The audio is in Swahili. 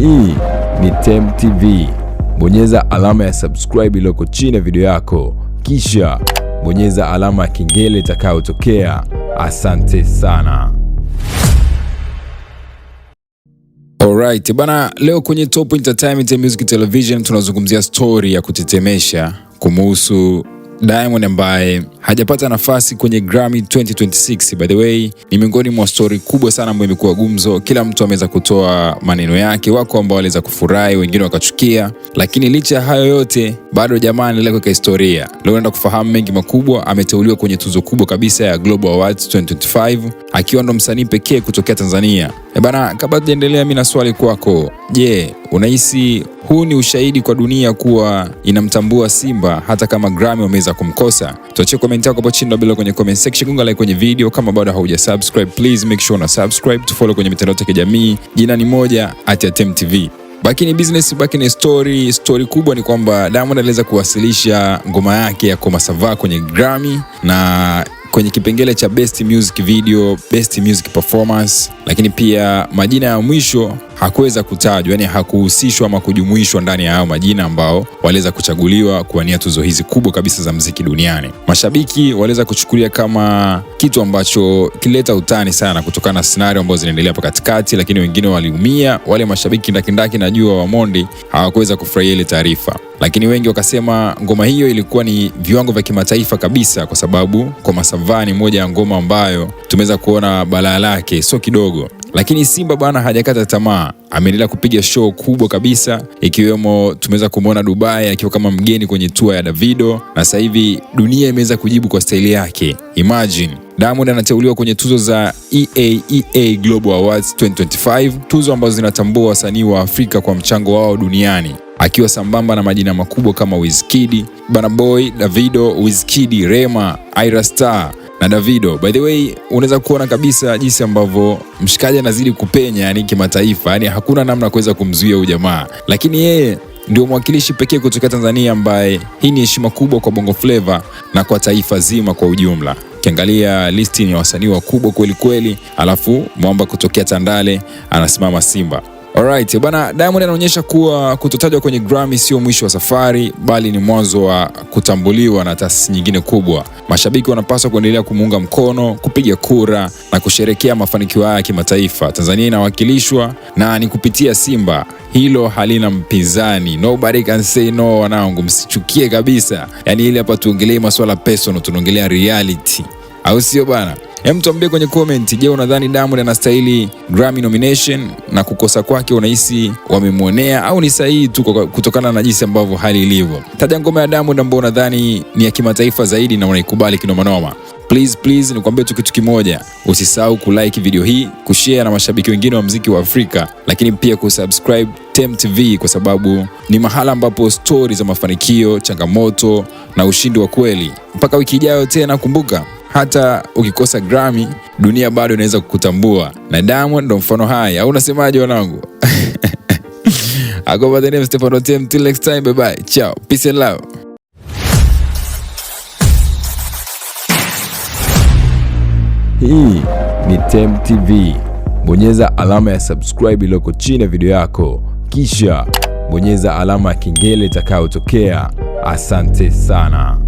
Hii ni Temu TV. Bonyeza alama ya subscribe iliyoko chini ya video yako, kisha bonyeza alama ya kengele itakayotokea. Asante sana. Alright, bana, leo kwenye Top Entertainment and Music Television tunazungumzia stori ya kutetemesha kumuhusu Diamond ambaye hajapata nafasi kwenye Grammy 2026. By the way, ni miongoni mwa stori kubwa sana ambayo imekuwa gumzo. Kila mtu ameweza kutoa maneno yake, wako ambao waliweza kufurahi, wengine wakachukia, lakini licha ya hayo yote, bado jamaa anaendelea kuweka historia. Leo unaenda kufahamu mengi makubwa. Ameteuliwa kwenye tuzo kubwa kabisa ya Global Awards 2025 akiwa ndo msanii pekee kutokea Tanzania. E bana, kabla tujaendelea, mimi na swali kwako. Je, unahisi huu ni ushahidi kwa dunia kuwa inamtambua Simba hata kama Grammy wameweza kumkosa? tuachie comment yako hapo chini na bila kwenye comment section, gonga like kwenye video. Kama bado hauja subscribe, please make sure una subscribe, to follow kwenye mitandao ya kijamii, jina ni moja at atem tv Baki ni business, baki ni story. Story kubwa ni kwamba Diamond aliweza kuwasilisha ngoma yake ya Koma Sava kwenye Grammy na kwenye kipengele cha best music video, best music performance, lakini pia majina ya mwisho hakuweza kutajwa, yani hakuhusishwa ama kujumuishwa ndani ya hayo majina ambao waliweza kuchaguliwa kuwania tuzo hizi kubwa kabisa za mziki duniani. Mashabiki waliweza kuchukulia kama kitu ambacho kilileta utani sana kutokana na scenario ambazo zinaendelea hapa katikati, lakini wengine waliumia. Wale mashabiki ndakindaki najua wa Mondi hawakuweza kufurahia ile taarifa, lakini wengi wakasema ngoma hiyo ilikuwa ni viwango vya kimataifa kabisa, kwa sababu kwa Masavani, ni moja ya ngoma ambayo tumeweza kuona balaa lake sio kidogo. Lakini Simba bwana hajakata tamaa, ameendelea kupiga show kubwa kabisa, ikiwemo tumeweza kumwona Dubai akiwa kama mgeni kwenye tour ya Davido, na sasa hivi dunia imeweza kujibu kwa staili yake. Imagine Diamond anateuliwa kwenye tuzo za EAEA e Global Awards 2025, tuzo ambazo zinatambua wasanii wa Afrika kwa mchango wao duniani akiwa sambamba na majina makubwa kama Wizkid, Burna Boy, Davido, Wizkid, Rema, Ira Star na Davido. By the way, unaweza kuona kabisa jinsi ambavyo mshikaji anazidi kupenya yani kimataifa, yani hakuna namna kuweza kumzuia huyu jamaa, lakini yeye ndio mwakilishi pekee kutoka Tanzania ambaye hii ni heshima kubwa kwa Bongo Flava na kwa taifa zima kwa ujumla. Ukiangalia listi ni wasanii wakubwa kweli kweli, alafu mwamba kutokea Tandale anasimama Simba. Alright, bwana Diamond anaonyesha kuwa kutotajwa kwenye Grammy sio mwisho wa safari bali ni mwanzo wa kutambuliwa na taasisi nyingine kubwa. Mashabiki wanapaswa kuendelea kumuunga mkono, kupiga kura na kusherekea mafanikio haya ya kimataifa. Tanzania inawakilishwa na ni kupitia Simba, hilo halina mpinzani. Nobody can say no. Wanangu, msichukie kabisa. Yaani ili hapa tuongelee masuala personal, tunaongelea reality, au sio bana? Hem, tuambie kwenye comment, je, unadhani Diamond anastahili Grammy nomination na kukosa kwake unahisi wamemwonea au ni sahihi tu kutokana na jinsi ambavyo hali ilivyo? Taja ngoma ya Diamond ambayo unadhani ni ya kimataifa zaidi na unaikubali kinomanoma. Please, please nikwambie tu kitu kimoja, usisahau kulike video hii, kushare na mashabiki wengine wa mziki wa Afrika, lakini pia kusubscribe TV kwa sababu ni mahala ambapo stori za mafanikio, changamoto na ushindi wa kweli. Mpaka wiki ijayo tena, kumbuka hata ukikosa grami dunia bado inaweza kukutambua, na damo ndo mfano hai, au unasemaje wanangu? Akoba the till next time, bye bye, ciao, peace and love. Hii ni tem TV. Bonyeza alama ya subscribe iliyoko chini ya video yako, kisha bonyeza alama ya kengele itakayotokea. Asante sana.